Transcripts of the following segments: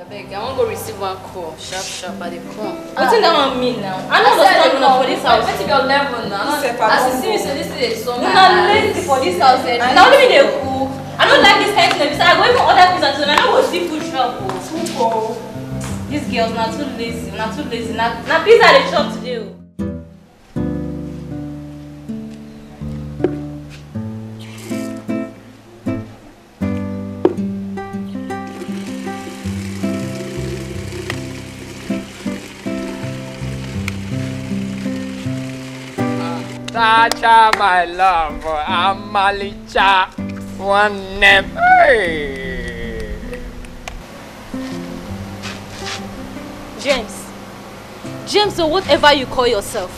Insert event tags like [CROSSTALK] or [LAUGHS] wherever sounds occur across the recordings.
abeg i wan go receive one call sharp sharp i dey come wetin that one mean now I'm i no understand una for dis house wetin be your level now as you see me say dis thing dey so mad una lazy for dis house eh na only me dey cook i no like dis kind thing i go even order pizza today i no go see food shop o food o dis girls na too lazy na too lazy not na pizza i dey chop today o. Oh. Sacha, my love, Amalicha, one never. James, James, or whatever you call yourself,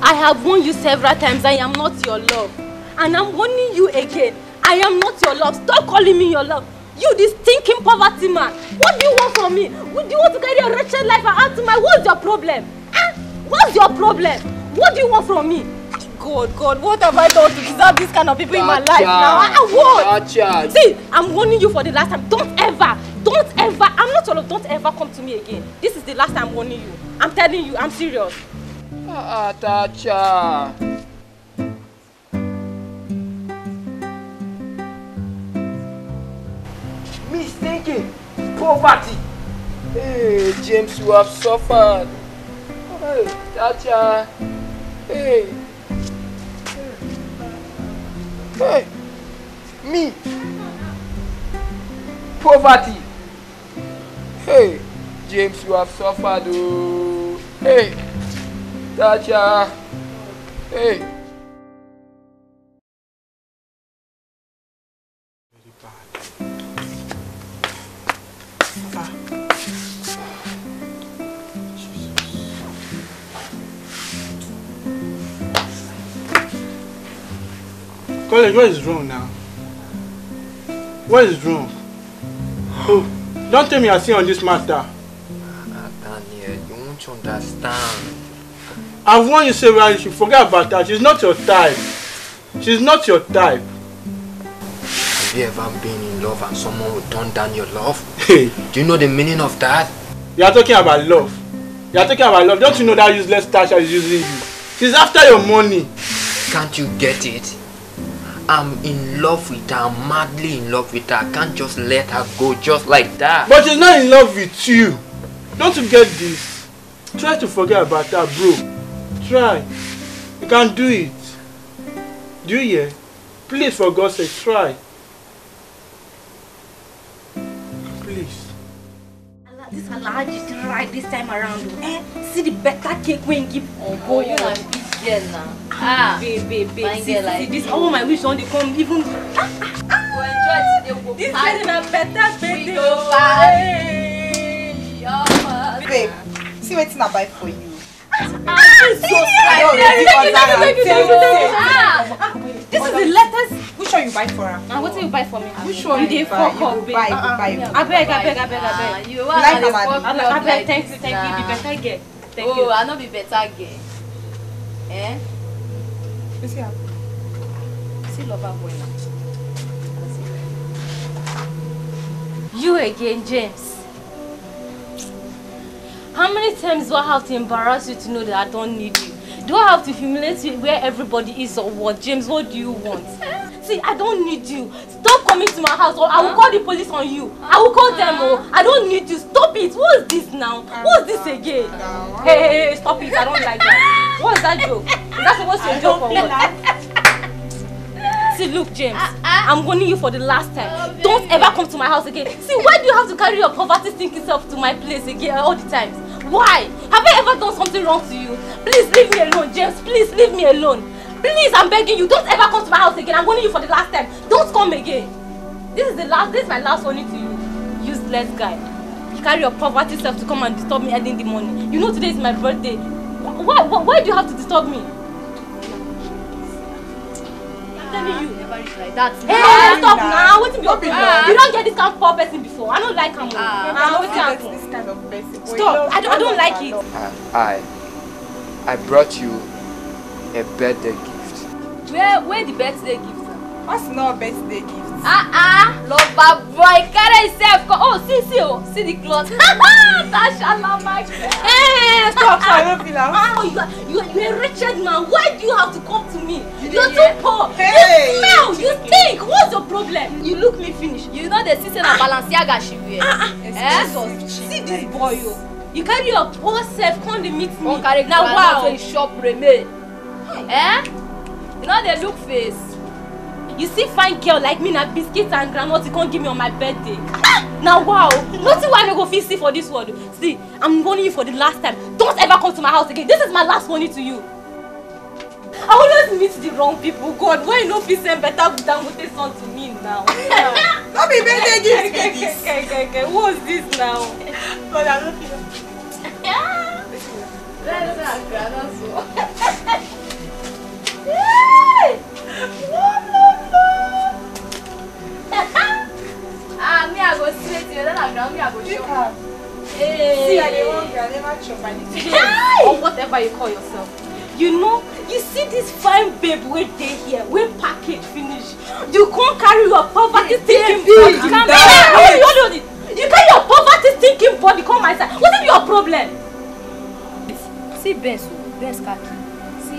I have warned you several times I am not your love. And I'm warning you again, I am not your love. Stop calling me your love. You, this thinking poverty man. What do you want from me? Do you want to carry a wretched life out to my? What's your problem? Huh? What's your problem? What do you want from me? God, God, what have I done to deserve this kind of people Chacha. in my life now? I ah, ah, what? Chacha. See, I'm warning you for the last time. Don't ever, don't ever, I'm not all of, don't ever come to me again. This is the last time I'm warning you. I'm telling you, I'm serious. Ah, Tacha. Mistaken poverty. Hey, James, you have suffered. Hey, Tacha. Hey. Hey. Me. Poverty. Hey. James, you have suffered. Oh. Hey. Tasha. Hey. College, what is wrong now? What is wrong? Oh, don't tell me I see on this matter. Daniel, you won't understand. I've warned you several times. You forget about that. She's not your type. She's not your type. Have you ever been in love and someone would turn down your love? Do you know the meaning of that? You are talking about love. You are talking about love. Don't you know that useless Tasha is using you? She's after your money. Can't you get it? I'm in love with her. I'm madly in love with her. I can't just let her go just like that. But she's not in love with you. Don't you get this? Try to forget about that, bro. Try. You can do it. Do you hear? Please, for God's sake, try. Please. This you to right this time around. Oh, eh? See the better cake when give. Oh, boy, oh, you like Ah, babe, babe, babe. this oh my wish on the come even. this is a better baby. We go oh, Babe, see what I buy for you. Ah, this is the letters. Which one you buy for her? Ah, what do you buy for me? Which one? They fuck up, babe. Buy, ah, ah, buy, I beg, I beg, I beg, I beg. You are like, I beg. Thank you, thank you. Oh, be better, girl. oh, you. I know be better, girl. Eh? What's it happening? See lover boy now. You again, James. How many times do I have to embarrass you to know that I don't need you? Do I have to humiliate you where everybody is or what? James, what do you want? [LAUGHS] See, I don't need you. Stop coming to my house or I will call the police on you. I will call them or oh. I don't need you. Stop it. What is this now? What is this again? Hey, hey, hey, stop it. I don't like that. What is that joke? Is that supposed to be a joke or what? See, look, James, ah, ah. I'm warning you for the last time. Oh, Don't ever come to my house again. See, why do you have to carry your poverty stinking self to my place again all the times? Why? Have I ever done something wrong to you? Please leave me alone, James. Please leave me alone. Please, I'm begging you. Don't ever come to my house again. I'm warning you for the last time. Don't come again. This is the last. This is my last warning to you. Useless guy. You carry your poverty self to come and disturb me early in the morning. You know today is my birthday. Why, why, why do you have to disturb me? I'm telling you. like that. Hey, stop now. Wait till you You don't get this kind of poor person before. I don't like him. Ah, uh, wait till this kind of person. Stop. I don't, I don't like it. Ah, I, I brought you a birthday gift. Where, where the birthday gift? What's not a birthday gift? Ah, ah bad boy carry himself come oh see see oh see the cloth [LAUGHS] tasha mama hey stop so i no feel am. Ah, you are you are a wretched man why do you have to come to me you too poor hey. you smell you stink what's your problem you look me finish you know the see say na balenciaga she wear ah, ah. eh see this boy o oh. you carry your poor self come dey meet me na wow na wow shop remain eh you know dey look face you see fine girl like me na biscuits and groundnut you come give me on my birthday ah, Now, wow nothing wey i no go fit see for this world see i'm warning you for the last time don't ever come to my house again this is my last warning to you i always meet the wrong people god why you no fit send better they son to me now. [LAUGHS] no be birthday gift be this. okay, okay. What's this now. god i no fit. let's go and groundnut. Now eh. oh, I go I ground chop. I dey want chop Or whatever you call yourself. You know, you see this fine babe wey dey here, wey package finish. You can't carry your poverty thinking body. Come here. Hold You carry your poverty thinking body come my side. What is your problem? See Benz, Benz khaki.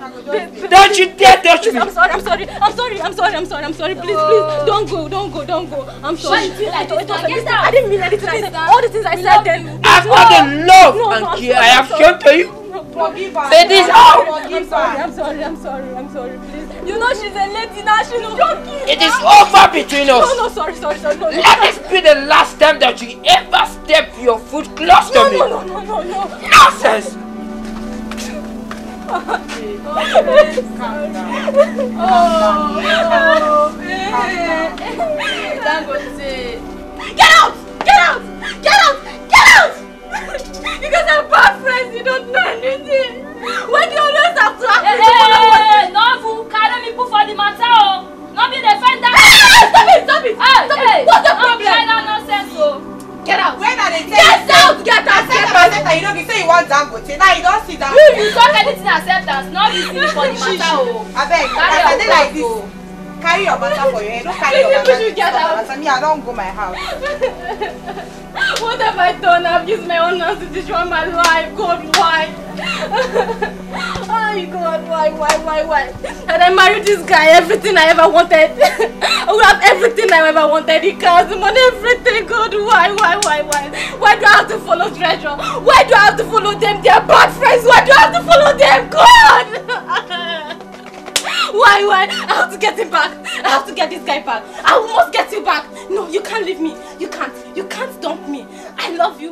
Don't you dare touch me. I'm sorry, I'm sorry, I'm sorry, I'm sorry, I'm sorry, I'm sorry. Please, please, don't go, don't go, don't go. I'm sorry. Why you like this now? Yes, I didn't mean anything. I said all the things I said then. After the love no, and care I have shown to you. Forgive her. Say this out. Oh! I'm sorry, I'm sorry, I'm sorry, I'm sorry, please. You know she's a lady now, she knows. It is over between us. No, no, sorry, sorry, sorry. No, Let this be the last time that you ever step your foot close no, to me. No, no, no, no, no. Nonsense. Oh, babe, calm down. Oh, oh, babe. Calm down. Dangote. Get out! Get out! Get out! Get out! You guys are bad friends. You don't know anything. Why do you always have to ask hey, me to follow what No, fool. Carry me put for the matter, oh. Not be the friend that... Hey, stop it! Stop it! Hey, eh, stop hey, it! Eh, What's the problem? Not that nonsense, oh. Get out! When are they... Get out! Get out! accept you no be say you wan dangote now you don see dangote. you talk anything acceptance no be for the matter o. Oh. abeg as i dey like this oh. carry your matter for your head no carry your [LAUGHS] matter for me i don't go my house. [LAUGHS] what have i done I've used my own nonsense to destroy my life god why. [LAUGHS] Oh God, why, why, why, why? And I married this guy, everything I ever wanted. [LAUGHS] I would have everything I ever wanted, He cars, the money, everything. God, why, why, why, why? Why do I have to follow treasure? Why do I have to follow them? They are bad friends. Why do I have to follow them? God! [LAUGHS] Why, why? I have to get him back. I have to get this guy back. I must get you back. No, you can't leave me. You can't. You can't dump me. I love you.